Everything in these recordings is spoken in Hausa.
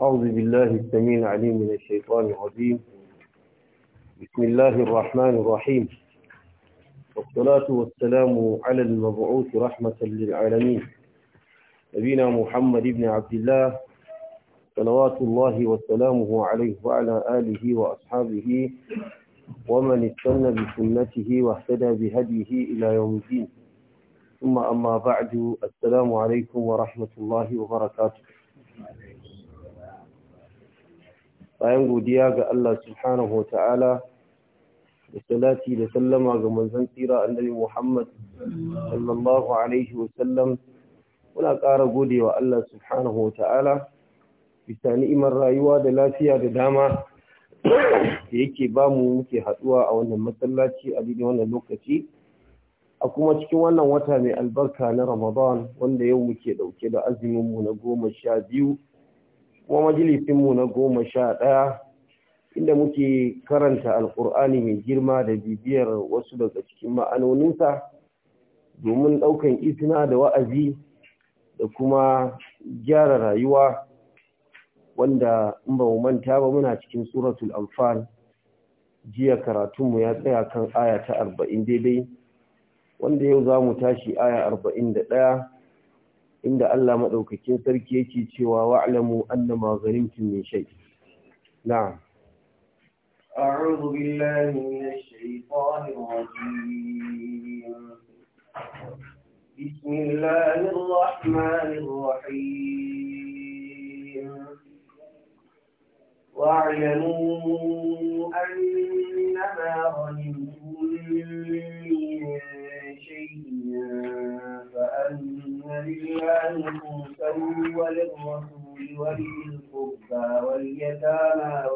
أعوذ بالله السميع العليم من الشيطان الرجيم بسم الله الرحمن الرحيم والصلاة والسلام على المبعوث رحمة للعالمين نبينا محمد بن عبد الله صلوات الله وسلامه عليه وعلى آله وأصحابه ومن اتنى بسنته واهتدى بهديه إلى يوم الدين ثم أما بعد السلام عليكم ورحمة الله وبركاته bayan godiya ga Allah subhanahu wa ta'ala da salati da sallama ga manzon tsira annabi Muhammad sallallahu alaihi wa muna ƙara godewa Allah subhanahu wa ta'ala bisa ni'imar rayuwa da lafiya da dama da yake ba mu muke haɗuwa a wannan masallaci a daidai wannan lokaci a kuma cikin wannan wata mai albarka na Ramadan wanda yau muke ɗauke da azumin mu na goma sha biyu kuma majalisinmu na goma sha ɗaya inda muke karanta al'ƙur'ani mai girma da bibiyar wasu daga cikin ma'anoninsa domin ɗaukan isina da wa'azi da kuma gyara rayuwa wanda in ba mu manta ba muna cikin suratul anfal jiya karatunmu ya tsaya kan aya ta arba'in daidai wanda yau za mu tashi aya arba'in da ɗaya inda Allah maɗaukakin sarki yake cewa wa'alamu annama ghanimtum min shai. na'am a'udhu billahi minash shaitanir rajim bismillahir rahmanir rahim wa'lamu annama ghanimtum min shay'in fa'anna فلله الموسى وللرسول ولذي القربى واليتامى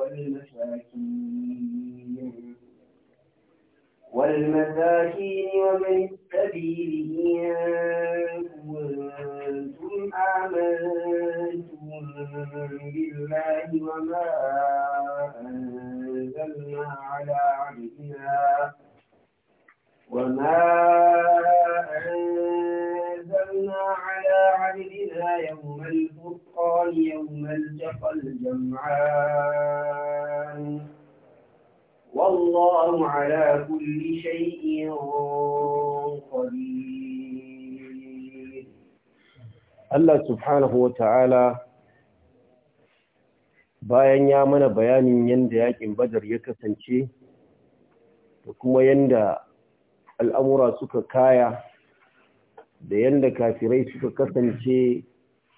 والمساكين ومن السبيل إن كنتم آمنتم بالله وما أنزلنا على عبدنا وما والتقى الجمعان والله على كل شيء قدير الله سبحانه وتعالى bayan ya mana bayanin yadda yakin badar ya kasance da kuma yadda al'amura suka kaya da yadda kafirai suka kasance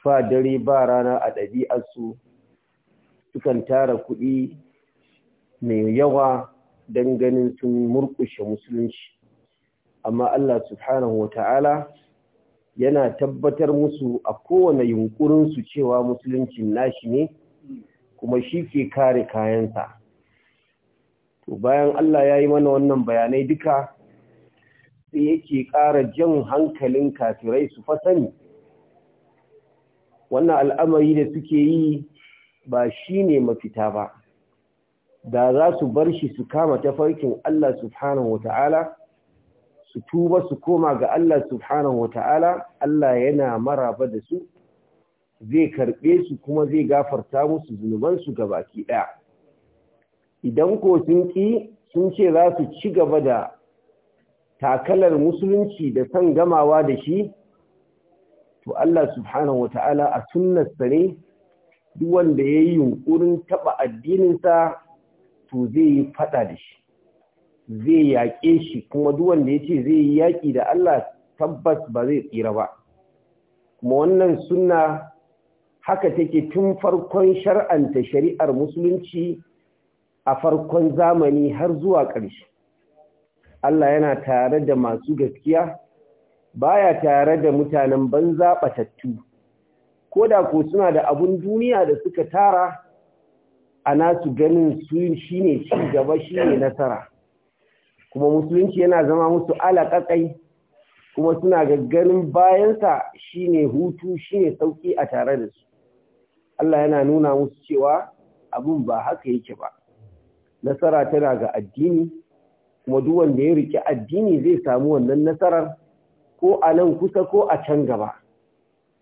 Fa dare ba rana a su sukan tara kuɗi mai yawa don ganin sun murƙushe musulunci amma Allah subhanahu wata'ala yana tabbatar musu a kowane yunƙurinsu cewa musulunci nashi ne kuma shi ke kare kayansa to bayan Allah ya yi mana wannan bayanai duka sai yake ƙara jan hankalin kafirai su fasani wannan al'amari da suke yi ba shi ne mafita ba da za su bar shi su kama tafarkin Allah subhanahu wata'ala su tuba su koma ga Allah subhanahu wata'ala Allah yana maraba da su zai karɓe su kuma zai gafarta musu zunubansu ga baki ɗaya idan ko sun ƙi sun ce za su ci gaba da takalar musulunci da son gamawa da shi to Allah subhanahu wata'ala a sunnarsa ne duk wanda ya yi yunkurin taɓa addininsa to zai yi faɗa da shi zai yaƙe shi kuma duk wanda ya ce zai yi yaƙi da Allah tabbas ba zai tsira ba kuma wannan sunna haka take tun farkon shar'anta shari'ar musulunci a farkon zamani har zuwa ƙarshe. Allah yana tare da masu gaskiya baya tare da mutanen banza batattu ko da ko suna da abun duniya da suka tara a nasu ganin su shine ci gaba shine nasara kuma musulunci yana zama musu alaƙaƙai kuma suna gagganin bayansa shine hutu shine sauƙi a tare da su Allah yana nuna musu cewa abun ba haka yake ba nasara tana ga addini kuma duk wanda ya rike addini zai samu wannan nasarar ko a nan kusa ko a can gaba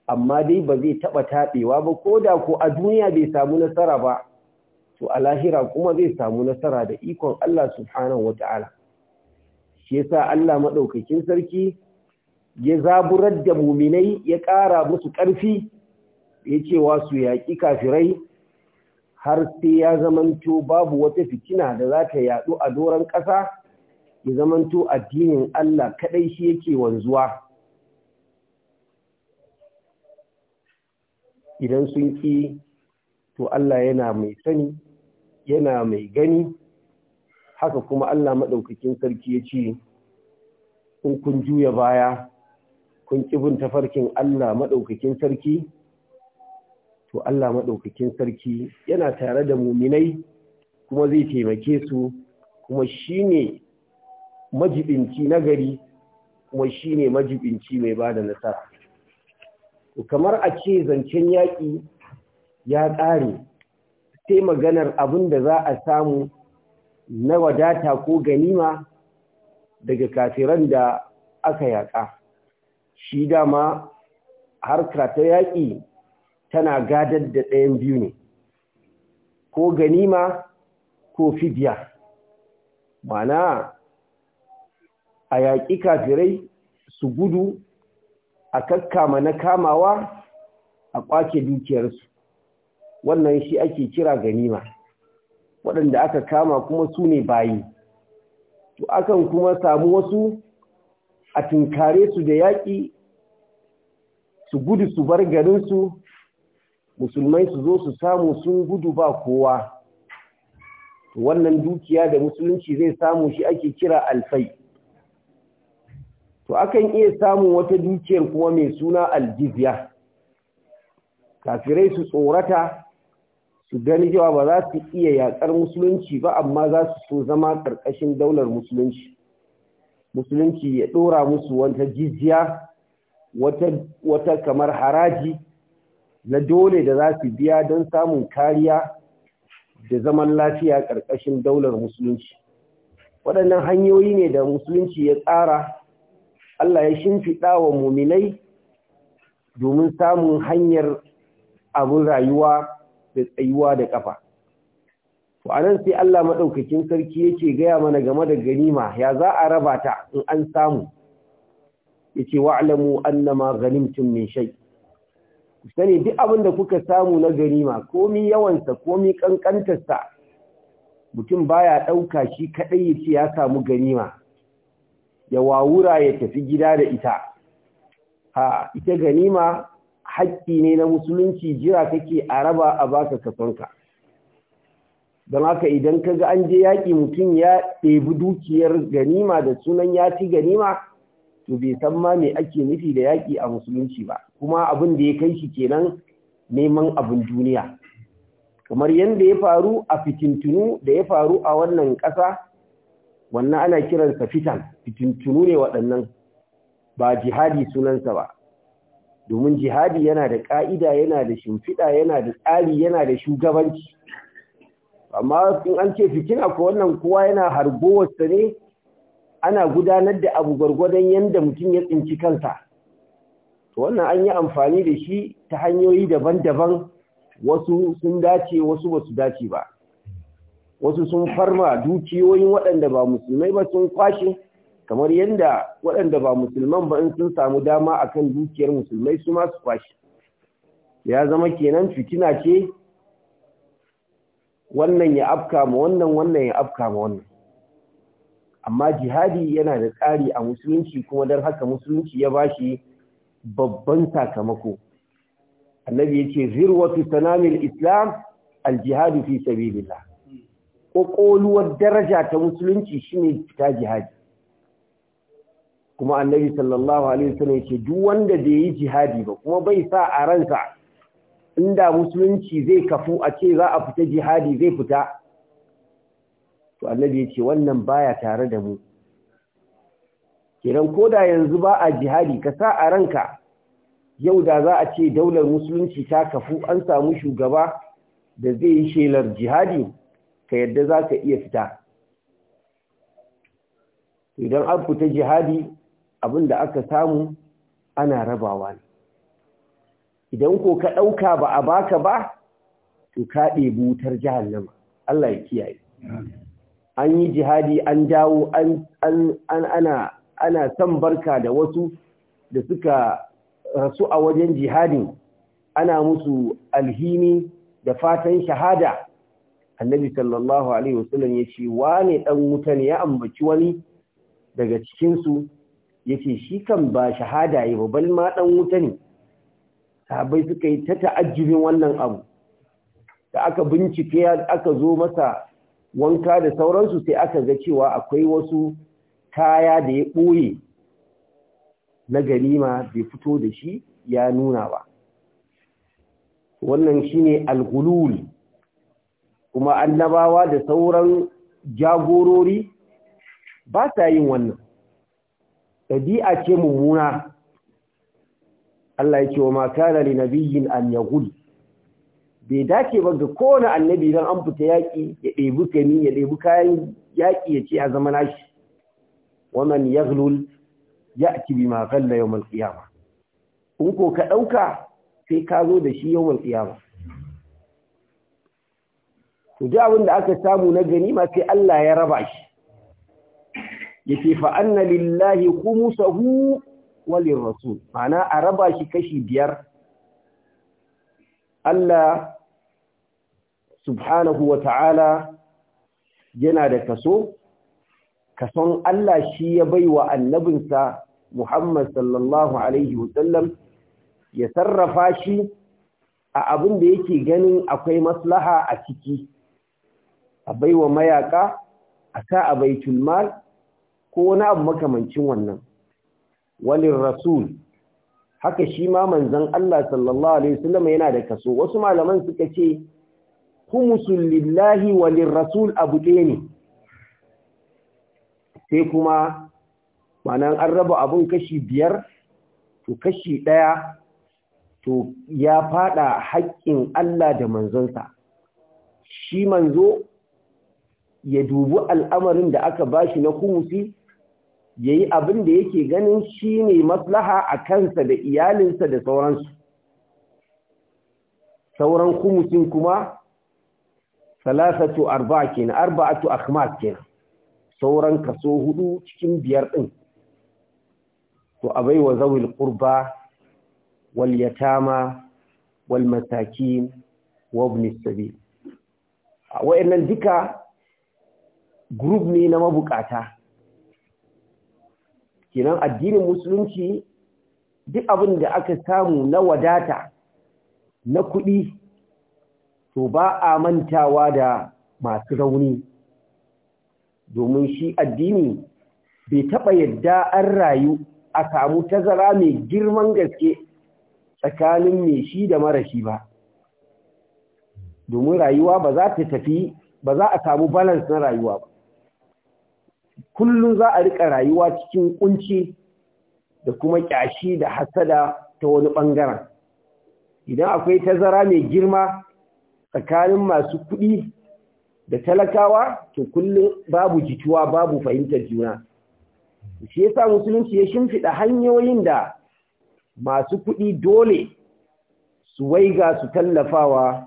amma dai ba zai taɓa taɓewa ba ko da ko a duniya bai samu nasara ba to a lahira kuma zai samu nasara da ikon Allah subhanahu wata'ala shi yasa Allah maɗaukakin sarki ya zaburar da muminai ya ƙara musu ƙarfi ya ce wa su yaƙi kafirai har sai ya zamanto babu wata fitina da za ta yaɗu a doron ƙasa ya zamanto addinin Allah kaɗai shi yake wanzuwa idan sun ƙi to Allah yana mai sani yana mai gani haka kuma Allah maɗaukakin sarki ya ce in kun juya baya kun kibin tafarkin Allah maɗaukakin sarki to Allah maɗaukakin sarki yana tare da muminai kuma zai taimake su kuma shi ne majibinci na gari kuma shi ne majibinci mai ba da nasara kamar a ce zancen yaƙi ya ƙare sai maganar abin da za a samu na wadata ko ganima daga kafiran da aka yaƙa shi dama harka ta yaƙi tana gadar da ɗayan biyu ne ko ganima ko fidya mana a yaƙi kafirai su gudu a kakkama na kamawa a ƙwace dukiyarsu wannan shi ake kira ganima waɗanda aka kama kuma su ne bayi to akan kuma samu wasu a tunkare su da yaƙi su gudu su bar garinsu musulmai su zo su samu sun gudu ba kowa wannan dukiya da musulunci zai samu shi ake kira alfai to akan iya samun wata dukiyar kuma mai suna aljizya kafirai su tsorata su gani cewa ba za su iya yakar musulunci ba amma za su so zama ƙarƙashin daular musulunci musulunci ya ɗora musu wata jizya wata kamar haraji na dole da za su biya don samun kariya da zaman lafiya ƙarƙashin daular musulunci waɗannan hanyoyi ne da musulunci ya tsara Allah ya shimfiɗa wa muminai domin samun hanyar abin rayuwa da tsayuwa da ƙafa. To a nan sai Allah maɗaukakin sarki yake gaya mana game da ganima ya za a raba ta in an samu. Ya ce wa'alamu annama ganimtum min shai. Ku sani duk abin da kuka samu na ganima komi yawansa komi ƙanƙantarsa mutum baya ɗauka shi kaɗai ya ce ya samu ganima ya wawura ya tafi gida da ita ha ita ganima haƙƙi ne na musulunci jira kake a raba a baka kasonka don haka idan ka ga an je yaƙi mutum ya ɗebi dukiyar ganima da sunan ya ci ganima to bai san ma me ake nufi da yaƙi a musulunci ba kuma abin da ya kai shi kenan neman abin duniya kamar yadda ya faru a fitintunu da ya faru a wannan ƙasa wannan ana kiransa fitan fitintunu ne waɗannan ba jihadi sunansa ba domin jihadi yana da ƙa'ida yana da shimfiɗa yana da tsari yana da shugabanci amma in an ce fitina ko wannan kowa yana wasu ne ana gudanar da abu gwargwadon yadda mutum ya tsinci kansa wannan an yi amfani da shi ta hanyoyi daban-daban wasu sun dace wasu ba su dace ba wasu sun farma dukiyoyin waɗanda ba musulmai ba sun kwashe kamar yadda waɗanda ba musulman ba in sun samu dama a kan dukiyar musulmai su masu kwashe ya zama kenan fitina ce wannan ya afka ma wannan wannan ya afka ma wannan amma jihadi yana da tsari a musulunci kuma don haka musulunci ya bashi babban sakamako annabi yace zirwatu sanamil islam al jihadu fi sabilillah ƙwaƙwaluwar daraja ta musulunci shine fita jihadi kuma annabi sallallahu alaihi wasallam yace duk wanda da yi jihadi ba kuma bai sa a ransa inda musulunci zai kafu a ce za a fita jihadi zai fita to annabi yace wannan baya tare da mu kiran koda yanzu ba a jihadi ka sa a ranka yau da za a ce daular musulunci ta kafu an samu shugaba da zai yi shelar jihadi ka yadda za ka iya fita idan an fita jihadi abin da aka samu ana rabawa ne idan ko ka ɗauka ba a baka ba to ka ɗebi wutar nama. Allah ya kiyaye an yi jihadi an dawo ana ana san barka da wasu da suka rasu a wajen jihadin ana musu alhini da fatan shahada annabi sallallahu alaihi wasallam ya ce wane dan wuta ne ya ambaci wani daga cikin su ce shi kan ba shahada yi ba bal ma dan wuta ne Sabai suka yi ta ta'ajjubin wannan abu da aka bincike aka zo masa wanka da sauransu sai aka ga cewa akwai wasu kaya da ya ɓoye na ganima bai fito da shi ya nuna ba wannan shine al-ghulul kuma annabawa da sauran jagorori ba sa yin wannan ɗabi'a ce mummuna Allah ya ce wa makana li nabiyyin an yagul bai dace ba ga kowane annabi don an fita yaƙi ya ɗebi kami ya kayan yaƙi ya ce a zama nashi wannan yaghlul ya'ti bima ghalla yawm al-qiyamah in ko ka ɗauka sai ka zo da shi yawm al Ku duk abin da aka samu na ganima sai Allah ya raba shi yake fa anna lillahi khumsuhu walin rasul mana a raba shi kashi biyar Allah subhanahu wa ta'ala yana da kaso kason Allah shi ya baiwa annabinsa Muhammad sallallahu alaihi wasallam ya sarrafa shi a abin da yake ganin akwai maslaha a ciki a baiwa mayaka a sa a bai tulmar, ko wani abu makamancin wannan walin rasul haka shi ma manzon Allah sallallahu alaihi wasallam yana da kaso wasu malaman suka ce humusul lillahi walin rasul abu ɗaya ne sai kuma manan an raba abin kashi biyar to kashi ɗaya to ya fada haƙƙin Allah da manzonsa shi manzo ya dubi al'amarin da aka bashi na kumusi ya yi abin da yake ganin shi ne maslaha a kansa da iyalinsa da sauransu sauran kumusin kuma salasatu arba kenan arba'atu akhmas kenan sauran kaso hudu cikin biyar ɗin, to abai wa zawil ƙurba wal yatama wal matakin, wa A wa’in nan duka group ne na mabukata kenan addinin musulunci duk abin da aka samu na wadata na kuɗi to ba a mantawa da masu rauni domin shi addini bai taɓa yadda an rayu a samu tazara mai girman gaske tsakanin mai shi da mara ba domin rayuwa ba za ta tafi ba za a samu balance na rayuwa ba kullum za a riƙa rayuwa cikin ƙunci da kuma ƙyashi da hasada ta wani ɓangaren. idan akwai tazara mai girma tsakanin masu kuɗi da talakawa to kullum babu jituwa babu fahimtar juna shi yasa musulunci ya shimfiɗa hanyoyin da masu kuɗi dole su waiga su tallafawa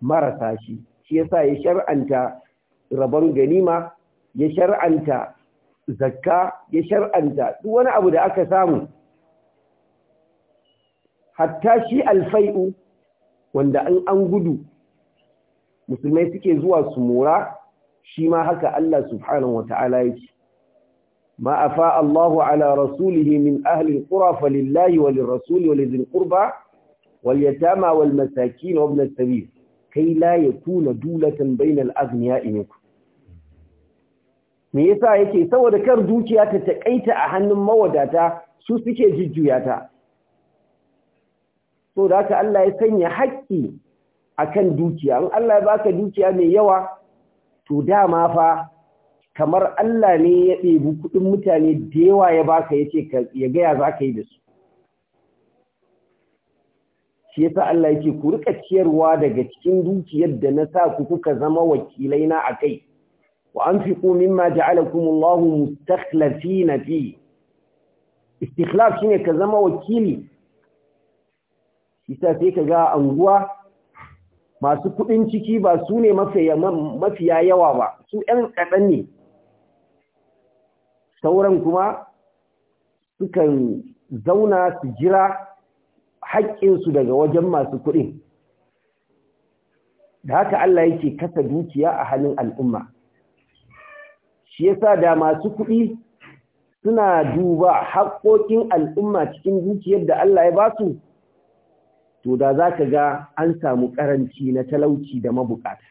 marasa shi shi yasa ya shar'anta rabon ganima ya shar'anta zakka ya shar'anta duk wani abu da aka samu hatta shi alfai'u wanda an an gudu musulmai suke zuwa su mora shi ma haka Allah subhanahu wata'ala ce ma afa Allahu ala rasulihi min ahli alqura falillahi walirrasuli walidhil qurba walyatama walmasakin wabn as-sabil kay la yakuna dulatan bayna al-aghniya'i minkum me yasa yake saboda kar dukiya ta takaita a hannun mawadata su suke jujjuyata? ta so da haka Allah ya sanya haƙƙi akan dukiya in Allah ya baka dukiya mai yawa to dama fa kamar Allah ne ya ɗebi kuɗin mutane da yawa ya baka ya ce ya gaya za ka yi da su. Shi yasa Allah yake ku rika ciyarwa daga cikin dukiyar da na sa ku kuka zama wakilai na a kai, وأنفقوا مما جعلكم الله مستخلفين فيه استخلاف شيء كزما وكيلي isa sai ka ga anguwa masu kudin ciki ba su ne mafiya yawa ba su ‘yan kaɗan ne sauran kuma sukan zauna su jira haƙƙinsu daga wajen masu kudin da haka Allah yake kasa dukiya a halin al'umma shi yasa da masu kuɗi suna duba haƙoƙin al'umma cikin dukiyar da Allah ya basu to da za ka ga an samu ƙaranci na talauci da mabukata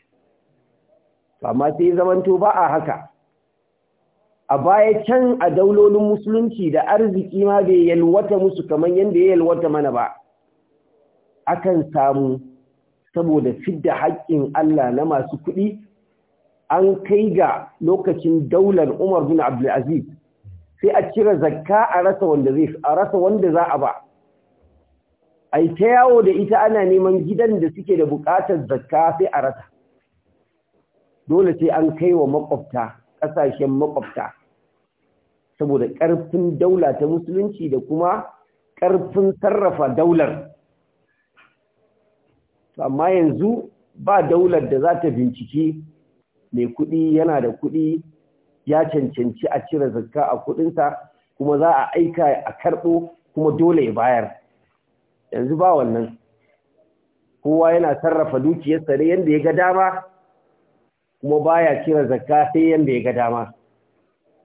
amma sai zamanto ba a haka a baya can a daulolin musulunci da arziki ma bai yalwata musu kamar yadda ya yalwata mana ba akan samu saboda fidda haƙƙin Allah na masu kuɗi an kai ga lokacin daular Umar bin Abdulaziz sai a cire zakka a rasa wanda zai a rasa wanda za a ba ai ta yawo da ita ana neman gidan da suke da buƙatar zakka sai a rasa dole sai an kai wa makwabta kasashen makwabta saboda karfin daula ta musulunci da kuma karfin sarrafa daular amma yanzu ba daular da za ta bincike mai kuɗi yana da kuɗi ya cancanci a cire zakka a kuɗinsa kuma za a aika a karɓo kuma dole ya bayar yanzu ba wannan kowa yana sarrafa dukiyarsa ne yadda ya ga dama kuma baya cire zakka sai yadda ya ga dama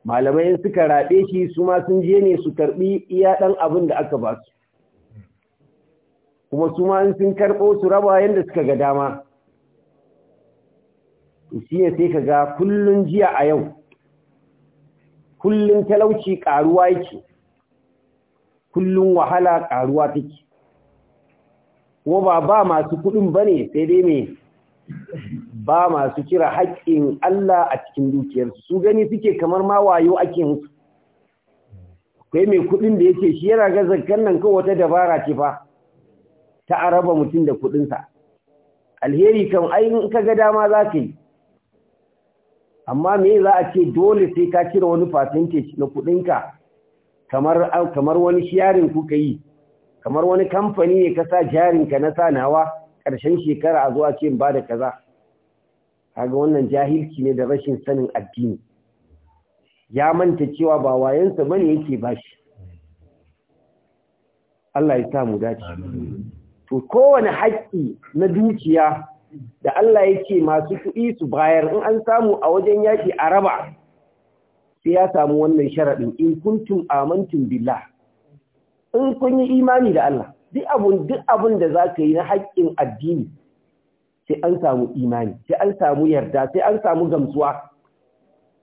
malamai in suka raɓe shi su ma sun je ne su karɓi iya ɗan abin da aka ba su kuma su ma in sun karɓo su raba yadda suka ga dama siya sai ka ga kullun jiya a yau kullun talauci karuwa yake kullun wahala karuwa take ko ba ba masu kudin bane sai dai me ba masu kira haƙƙin Allah a cikin dukiyarsu su gani suke kamar ma wayo ake musu Akwai mai kudin da yake shi yana ga zakkan nan wata dabara ce fa ta araba mutum da kudinsa alheri kan ai in ka ga dama za ka yi amma me za a ce dole sai ka cire wani percentage na kuɗinka kamar kamar wani sharing kuka yi kamar wani kamfani ne ka sa jarin ka na sanawa ƙarshen shekara a zuwa ce ba da kaza kaga wannan jahilci ne da rashin sanin addini ya manta cewa ba wayansa bane yake bashi Allah ya sa mu dace to kowane haƙƙi na dukiya da Allah yake masu kuɗi su bayar in an samu a wajen yaki a raba sai ya samu wannan sharaɗin in kuntum amantum billah in kun yi imani da Allah duk abun duk abun da za ka yi na haƙƙin addini sai an samu imani sai an samu yarda sai an samu gamsuwa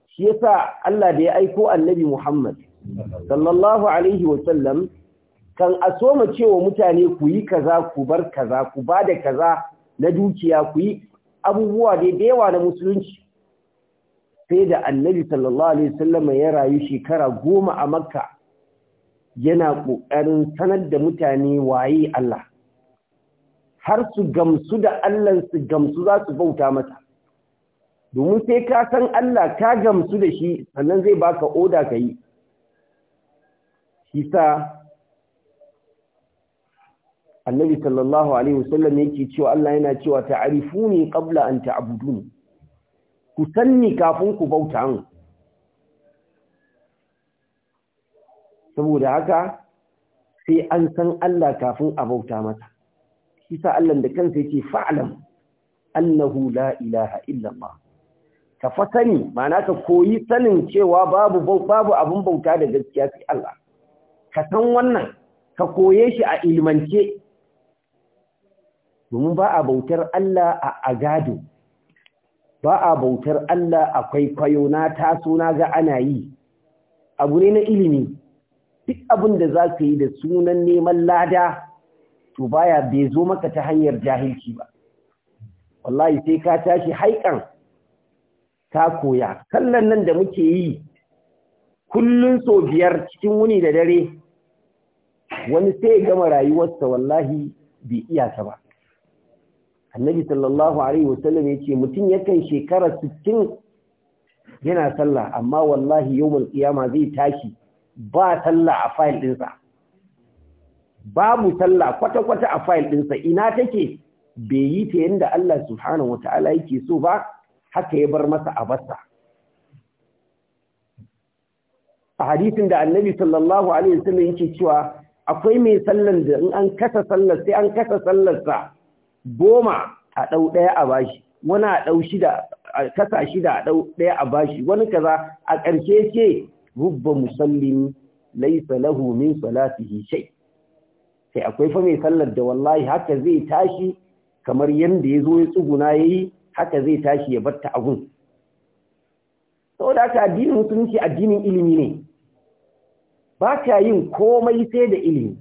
shi yasa Allah da ya aiko annabi Muhammad sallallahu alaihi wa sallam kan asoma cewa mutane ku yi kaza ku bar kaza ku ba da kaza na dukiya ku yi abubuwa dai da yawa na musulunci sai da annabi sallallahu alaihi wasallam ya rayu shekara goma a makka yana ƙoƙarin sanar da mutane waye Allah har su gamsu da Allah su gamsu za su bauta mata domin sai ka san Allah ka gamsu da shi sannan zai baka oda ka yi shi annabi sallallahu alaihi wasallam yake cewa Allah yana cewa ta'rifuni qabla an ta'buduni ku sanni kafin ku bauta an. saboda haka sai an san Allah kafin a bauta masa shi sa Allah da kansa yake fa'lam annahu la ilaha ka fa sani mana ka koyi sanin cewa babu babu bauta da gaskiya sai Allah ka san wannan ka koye shi a ilmance domin ba a bautar Allah a agado ba a bautar Allah akwai kwaikwayo na taso na ga ana yi abu ne na ilimi duk abin da za ka yi da sunan neman lada to baya bai zo maka ta hanyar jahilci ba wallahi sai ka tashi haikan ta koya kallon nan da muke yi kullum so biyar cikin wuni da dare wani sai gama rayuwarsa wallahi bai iya ta ba annabi sallallahu alaihi wasallam ya ce mutum yakan shekara 60 yana sallah amma wallahi yawan qiyama zai tashi ba sallah a file dinsa babu sallah kwata-kwata a file dinsa ina take bai yi ta yanda Allah subhanahu wataala yake so ba haka ya bar masa a bassa a hadisin da annabi sallallahu alaihi wasallam yake cewa akwai mai sallan da in an kasa sallar sai an kasa sallarsa goma a ɗau ɗaya a bashi wani a ɗau shida a kasa shida a ɗau ɗaya a bashi wani kaza a ƙarshe ce rubba musallin laisa lahu min salatihi sai akwai fa mai sallar da wallahi haka zai tashi kamar yadda ya zo ya tsuguna ya yi, haka zai tashi ya batta abun saboda haka addinin musulunci addinin ilimi ne ba ka yin komai sai da ilimi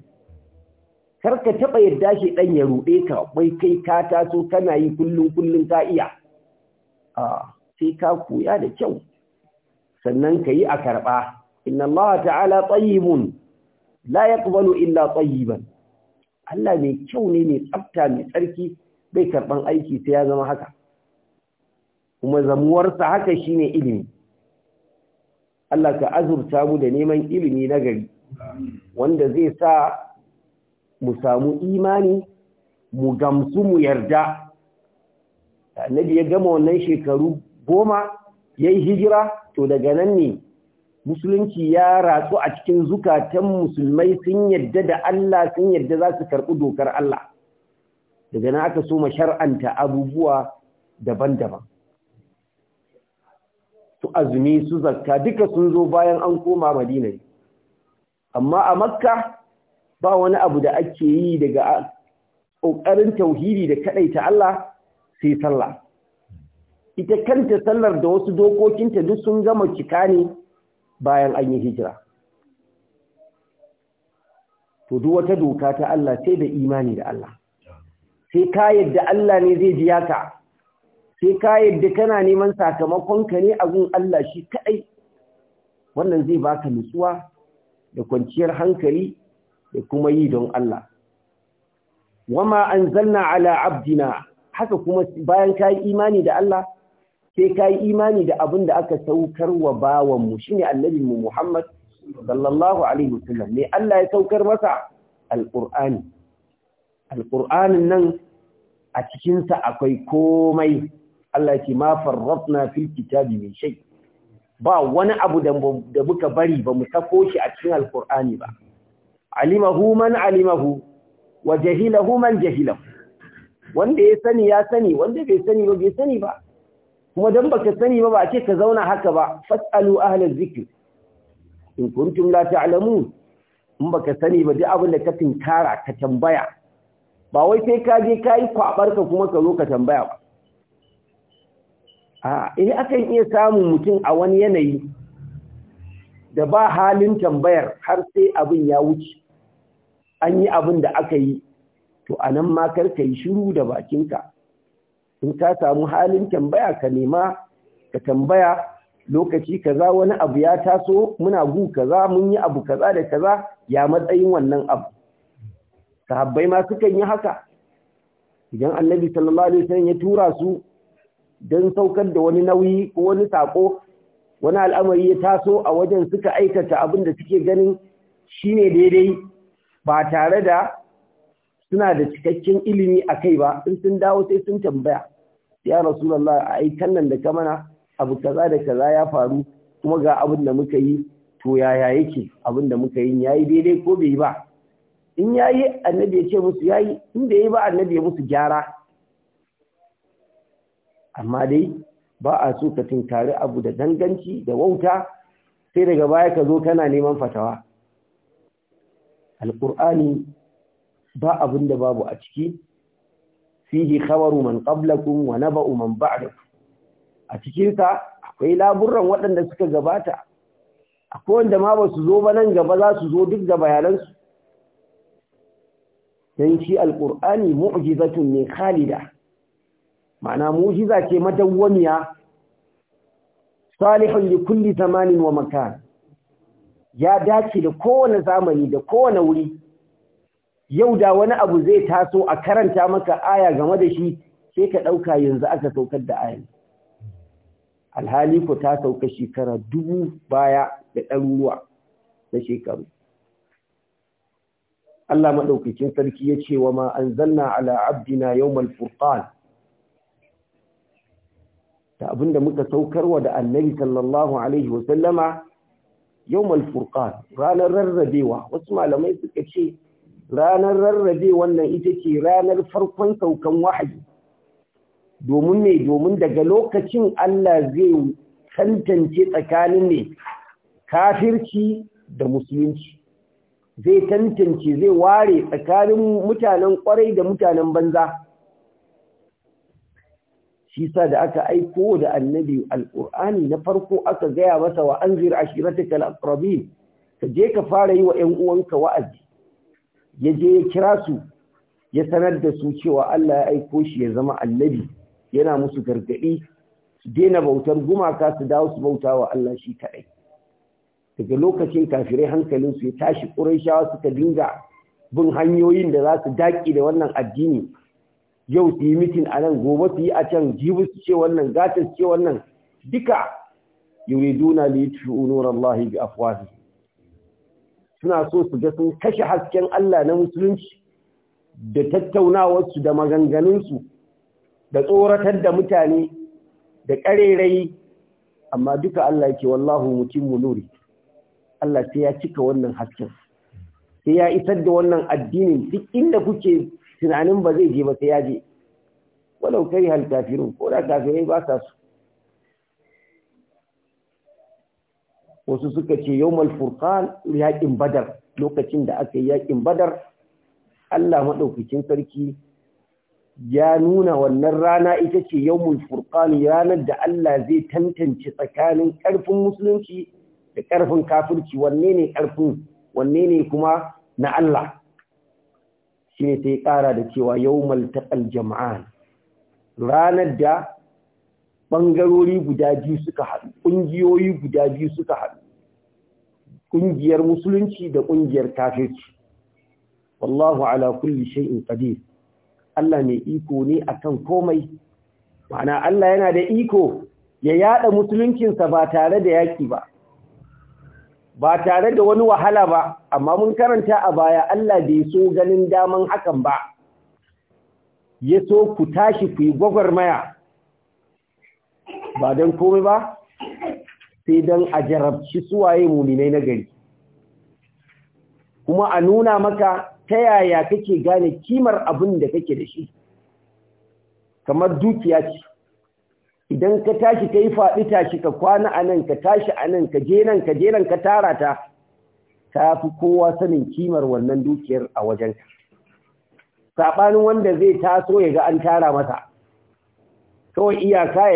kar ka taɓa yadda shi ɗan ya ruɗe ka bai kai ka taso kana yi kullum kullum ka iya sai ka koya da kyau sannan ka yi a karɓa inna Allah ta'ala tsayibun la yaqbalu illa tsayiban Allah mai kyau ne mai tsafta mai tsarki bai karɓan aiki sai ya zama haka kuma zamuwarsa haka shine ilimi Allah ka azurta mu da neman ilimi na gari wanda zai sa mu samu imani mu gamsu mu yarda annabi ya gama wannan shekaru goma yayi hijira to daga nan ne musulunci ya ratsu a cikin zukatan musulmai sun yadda da Allah sun yadda za su karɓi dokar Allah daga nan aka so shar'anta abubuwa daban-daban su azumi su zakka duka sun zo bayan an koma madina amma a makka ba wani abu da ake yi daga ƙoƙarin tauhidi da kaɗai ta Allah sai sallah ita kanta sallar da wasu dokokinta duk sun gama cika ne bayan an yi hijira to duk wata doka ta Allah sai da imani da Allah sai ka yadda Allah ne zai biya ka sai ka yadda kana neman sakamakonka ne a gun Allah shi kaɗai wannan zai baka nutsuwa da kwanciyar hankali da kuma yi don Allah wama anzalna ala abdina haka kuma bayan kayi imani da Allah sai kayi imani da abin da aka saukar wa shine annabi Muhammad sallallahu alaihi wasallam ne Allah ya saukar masa alqur'ani alqur'anin nan a cikin sa akwai komai Allah ya ce ma farratna fil kitabi shai, ba wani abu da muka bari ba mu sako shi a cikin alqur'ani ba alimahu man alimahu wa jahilahu man jahilahu wanda ya sani ya sani wanda bai sani ba bai sani ba kuma dan baka sani ba ba ce ka zauna haka ba fasalu ahli zikr in kuntum la ta'lamun in baka sani ba duk abin da ka tinkara ka tambaya ba wai sai ka je kai kwabar ka kuma ka zo ka tambaya ba a ina akan iya samun mutum a wani yanayi da ba halin tambayar har sai abin ya wuce an yi abin da aka yi to a nan ma kar ka yi shiru da bakinka in ka samu halin tambaya ka nema ka tambaya lokaci kaza wani abu ya taso muna gu kaza mun yi abu kaza da kaza ya matsayin wannan abu sahabbai ma sukan yi haka idan annabi sallallahu alaihi wasallam ya tura su don saukar da wani nauyi ko wani sako wani al'amari ya taso a wajen suka aikata abin da suke ganin shine daidai ba tare da suna da cikakken ilimi a kai ba in sun dawo sai sun tambaya ya rasulallah a aikan nan da ka mana abu kaza da kaza ya faru kuma ga abin da muka yi to yaya yake abin da muka yi yayi daidai ko bai yi ba in yayi annabi ya ce musu yayi in bai yi ba annabi ya musu gyara amma dai ba a so ka tunkari abu da danganci da wauta sai daga baya ka zo kana neman fatawa alƙur'ani ba abin da babu a ciki fihi khabaru man qablakum wa naba'u man ba'dakum a cikin sa akwai laburran waɗanda suka gabata akwai wanda ma ba su zo ba nan gaba za su zo duk da bayanansu dan shi alƙur'ani mu'jizatun min khalida ma'ana mujiza ce madawwamiya salihun li kulli zamanin wa makan ya dace da kowane zamani da kowane wuri yau da wani abu zai taso a karanta maka aya game da shi sai ka ɗauka yanzu aka saukar da aya. alhali ta sauka shekara dubu baya da ɗaruruwa na shekaru Allah maɗaukacin sarki ya ce wa ma an zanna ala abdina yau malfurkan. Da abin da muka saukarwa da annabi sallallahu alaihi wasallama yawmal furqan ranar rarrabewa wasu malamai suka ce ranar rarrabe wannan ita ce ranar farkon saukan wahayi domin ne domin daga lokacin Allah zai tantance tsakanin ne kafirci da musulunci zai tantance zai ware tsakanin mutanen kwarai da mutanen banza shi sa da aka aiko da annabi alqur'ani na farko aka gaya masa wa anzir ashiratika alaqrabin ka je ka fara yi wa 'yan uwanka wa'azi ya je ya kira su ya sanar da su cewa Allah ya aiko shi ya zama annabi yana musu gargadi su daina bautar gumaka su dawo su bauta wa Allah shi kaɗai. Daga lokacin kafirai hankalin su ya tashi ƙuraishawa suka dinga bin hanyoyin da za su daƙi da wannan addini yau su yi mitin a nan gobe su yi a can jibi su ce wannan gata su ce wannan duka yuriduna li yutfi'u Allah bi afwahi suna so su ga sun kashe hasken Allah na musulunci da tattaunawarsu da maganganunsu da tsoratar da mutane da ƙarerayi amma duka Allah yake wallahu mutimmu nuri Allah sai ya cika wannan hasken sai ya isar da wannan addinin duk inda kuke tunanin ba zai je ba sai ya je walau hal kafiru ko da kafirai ba sa su wasu suka ce yawmal furqan yaƙin badar lokacin da aka yi yaƙin badar Allah maɗaukacin sarki ya nuna wannan rana ita ce yawmal furqan ranar da Allah zai tantance tsakanin ƙarfin musulunci da ƙarfin kafirci wanne ne ƙarfin wanne ne kuma na Allah shine sai ƙara da cewa yawmal taqal jama'an ranar da bangarori guda biyu suka haɗu ƙungiyoyi guda biyu suka haɗu ƙungiyar musulunci da ƙungiyar kafirci wallahu ala kulli shay'in qadir Allah mai iko ne akan komai ma'ana Allah yana da iko ya yada musuluncinsa ba tare da yaki ba ba tare da wani wahala ba amma mun karanta a baya Allah bai so ganin daman hakan ba ya so ku tashi ku yi gwagwarmaya ba don komai ba sai don a jarabci suwaye muminai na gari kuma a nuna maka ta yaya kake gane kimar abin da kake da shi kamar dukiya ce idan ka tashi ka yi faɗi tashi ka kwana a nan ka tashi a nan ka je nan ka je nan ka tara ta ka fi kowa sanin kimar wannan dukiyar a wajenka saɓanin wanda zai taso ya ga an tara masa kawai iyaka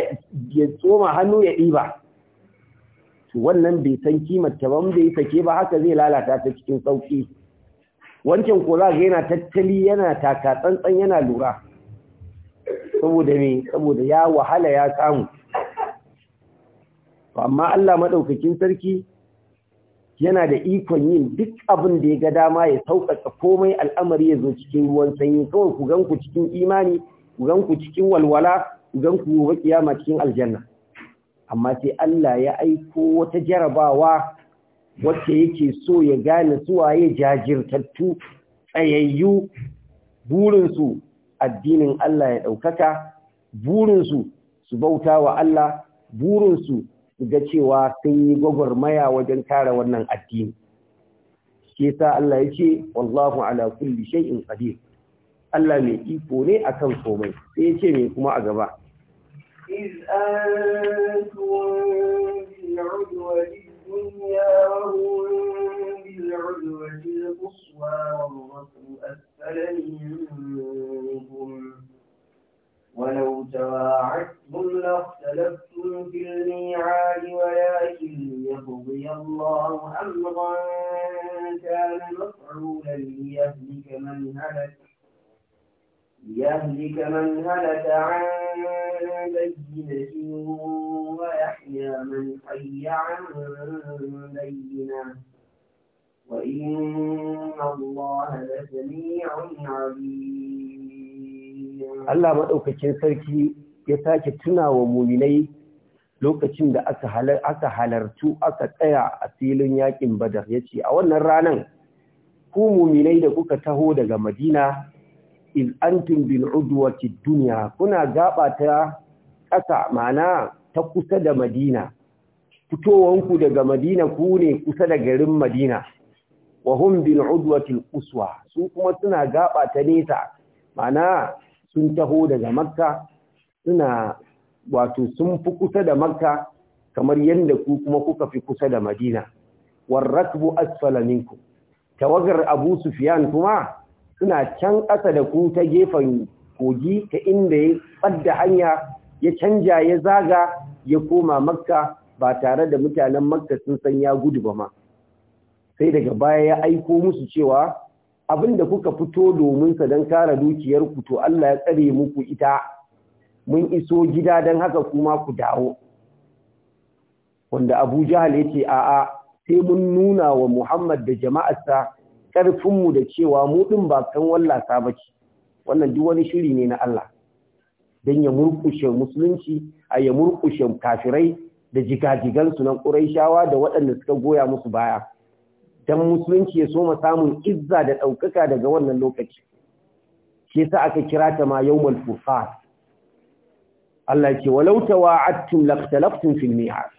ya tsoma hannu ya ɗiba wannan bai san kimar ta ban bai sake ba haka zai lalata ta cikin sauƙi wancan ko za yana tattali yana taka tsantsan yana lura saboda me saboda ya wahala ya samu amma Allah madaukakin sarki yana da ikon yin duk abin da ya ga dama ya sauƙaƙa komai al'amari ya zo cikin ruwan sanyi kawai ku ganku cikin imani ku ganku cikin walwala ku ganku gobe kiyama cikin aljanna amma sai Allah ya aiko wata jarabawa wacce yake so ya gane suwaye jajirtattu tsayayyu burinsu addinin Allah ya ɗaukaka burinsu su bauta wa Allah burinsu su ga cewa sun yi gwagwarmaya wajen tare wannan addini ke sa Allah ya ce wallahu ala kulli shay'in qadir Allah mai iko ne akan komai sai ya ce me kuma a gaba إذ أنتم بالعدوة القصوى والرسل أسفل منكم ولو تواعدتم لاختلفتم في الميعاد ولكن ليقضي الله أمرا كان مفعولا ليهلك من هلك ليهلك من هلك عن بينة ويحيى من حي عن بينه allah maɗaukacin sarki ya sake tuna wa mu'minai lokacin da aka halartu aka tsaya a filin yakin badar ce. a wannan ranan ku mu'minai da kuka taho daga Madina iz antum bil udwati duniya? kuna gaba ta ƙasa mana ta kusa da Madina fitowanku daga Madina ku ne kusa da garin Madina wa hum bil udwatil uswa su kuma suna gaba ta nesa mana sun taho daga makka suna wato sun fi kusa da makka kamar yadda ku kuma kuka fi kusa da madina warrakbu asfala minkum tawagar abu sufyan kuma suna can ƙasa da ku ta gefen kogi ta inda ya fadda hanya ya canja ya zaga ya koma makka ba tare da mutanen makka sun san ya gudu ba ma sai daga baya ya aiko musu cewa abinda kuka fito domin sa don kare dukiyarku to Allah ya tsare muku ita mun iso gida don haka kuma ku dawo wanda Abu Jahal yace a'a sai mun nuna wa Muhammad da jama'arsa mu da cewa mu din ba kan wallasa bace wannan duk wani shiri ne na Allah dan ya murkushe musulunci a ya murkushe kafirai da jigajigansu na ƙuraishawa da waɗanda suka goya musu baya dan musulunci ya soma samun izza da ɗaukaka daga wannan lokaci shi yasa aka kira ta ma yawmal fusat Allah ce walau tawa'attum laqtalaftum fil mi'ad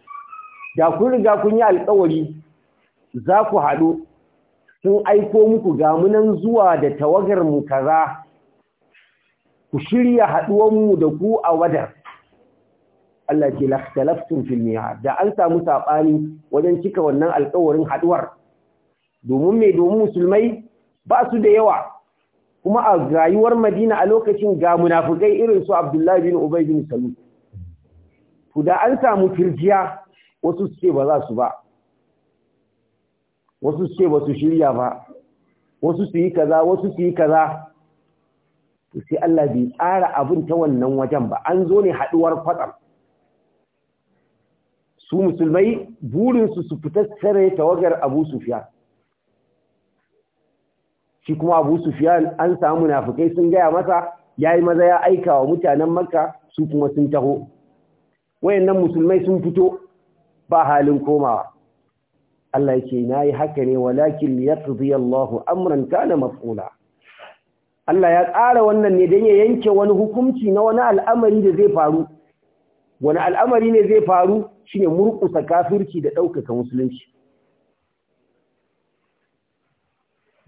da kun riga kun yi alƙawari za ku haɗu sun aiko muku gamunan zuwa da tawagar mu kaza ku shirya haɗuwanmu mu da ku a wadar Allah ce laqtalaftum fil mi'ad da an samu saɓani wajen cika wannan alƙawarin haɗuwar domin mai domin musulmai ba su da yawa kuma a rayuwar madina a lokacin ga munafukai irin su abdullahi bin ubay bin salu ku da an samu firjiya wasu su ba za su ba wasu su ba su shirya ba wasu su yi kaza wasu su yi kaza ku sai Allah bai tsara abin ta wannan wajen ba an zo ne haduwar kwatsam su musulmai burinsu su fita ta tawagar abu sufiya shi kuma Abu Sufyan an samu munafikai sun gaya masa yi maza ya aika wa mutanen Makka su kuma sun taho wayannan musulmai sun fito ba halin komawa Allah yake nayi haka ne walakin yaqdi Allahu amran kana maf'ula Allah ya ƙara wannan ne don ya yanke wani hukunci na wani al'amari da zai faru wani al'amari ne zai faru shine murƙusa kafirci da ɗaukaka musulunci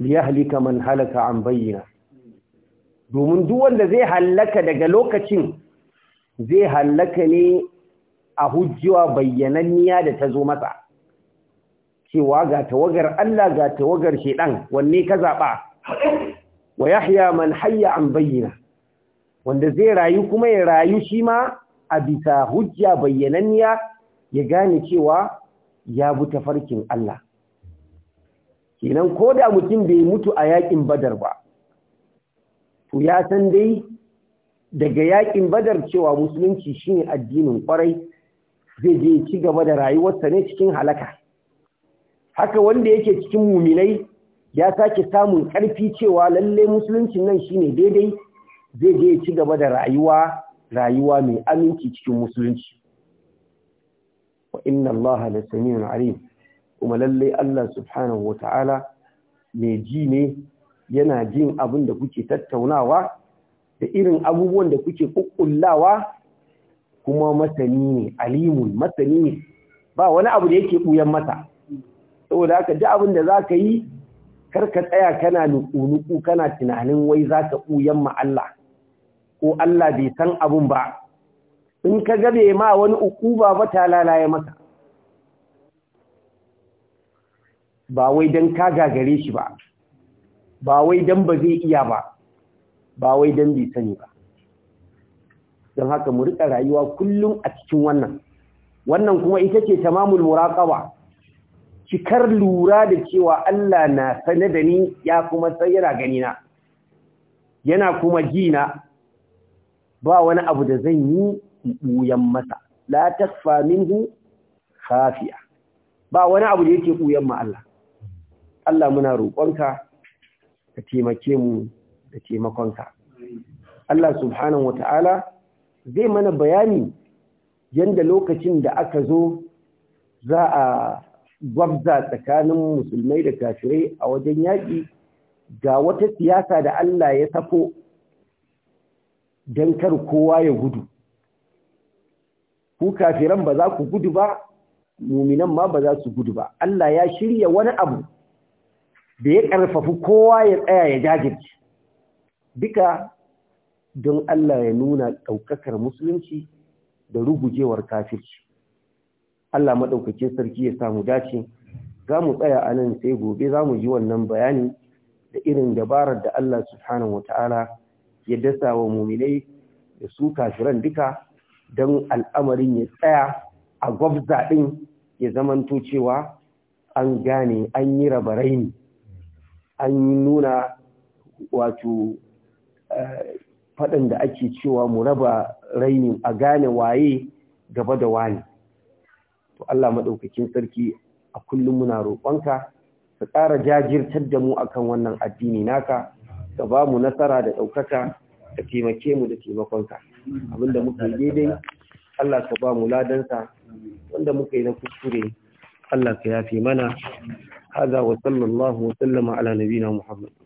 liyahlika man halaka an bayyana domin duk wanda zai halaka daga lokacin zai halaka ne a hujjewa bayyananniya da ta zo masa cewa ga tawagar Allah ga tawagar shedan wanne ka zaba wa yahya man hayya an bayyana wanda zai rayu kuma ya rayu shi ma a bisa hujja bayyananniya ya gane cewa ya bi tafarkin Allah kenan ko da mutum bai mutu a yaƙin badar ba to ya san dai daga yaƙin badar cewa musulunci shine addinin kwarai zai je ci gaba da rayuwarsa ne cikin halaka haka wanda yake cikin muminai ya sake samun ƙarfi cewa lalle musuluncin nan shine daidai zai je ci gaba da rayuwa rayuwa mai aminci cikin musulunci wa inna allaha lasamiun alim kuma lallai Allah subhanahu wa ta'ala mai ji ne yana jin abin da kuke tattaunawa da irin abubuwan da kuke kukullawa kuma masani ne alimun masani ne ba wani abu da yake ɓuyan mata. saboda haka ji abin da za ka yi karka tsaya kana nuku kana tunanin wai zaka ka ma Allah ko Allah bai san abin ba in ka gabe ma wani uku ba ta lalaye maka ba wai don ka gagare shi ba ba wai don ba zai iya ba ba wai don bai sani ba don haka mu riƙa rayuwa kullum a cikin wannan wannan kuma ita ce tamamul muraƙawa, cikar lura da cewa Allah na sane da ni ya kuma tsayira gani na yana kuma ji na ba wani abu da zan yi ɓuyan masa la takfa minhu ba wani abu da yake ɓuyan ma Allah Allah muna roƙonka ka taimake mu da taimakonka Allah subhanahu Ta'ala zai mana bayani yadda lokacin da aka zo za a gwabza tsakanin musulmai da kafirai a wajen yaƙi ga wata siyasa da Allah ya sako don kar kowa ya gudu. Ku kafiran ba za ku gudu ba, muminan ma ba za su gudu ba. Allah ya shirya wani abu da ya ƙarfafi kowa ya tsaya ya jajirce duka don Allah ya nuna ɗaukakar musulunci da rugujewar kafirci Allah maɗaukakin sarki ya samu dace za mu tsaya a nan sai gobe za mu ji wannan bayani da irin dabarar da Allah subhanahu wa ta'ala ya dasa wa muminai da su kafiran duka don al'amarin ya tsaya a gwabza ɗin ya zamanto cewa an gane an yi rabarai ne an nuna wato eh, faɗin da ake cewa mu raba raini a gane waye gaba da wani to Allah maɗaukakin sarki a kullum muna roƙonka ka ƙara jajirtar da mu akan wannan addini naka ka ba mu nasara da ɗaukaka ka taimake mu da taimakonka abinda muka yi daidai Allah ka ba mu ladansa wanda muka yi na kuskure Allah ka yafe mana هذا وصلى الله وسلم على نبينا محمد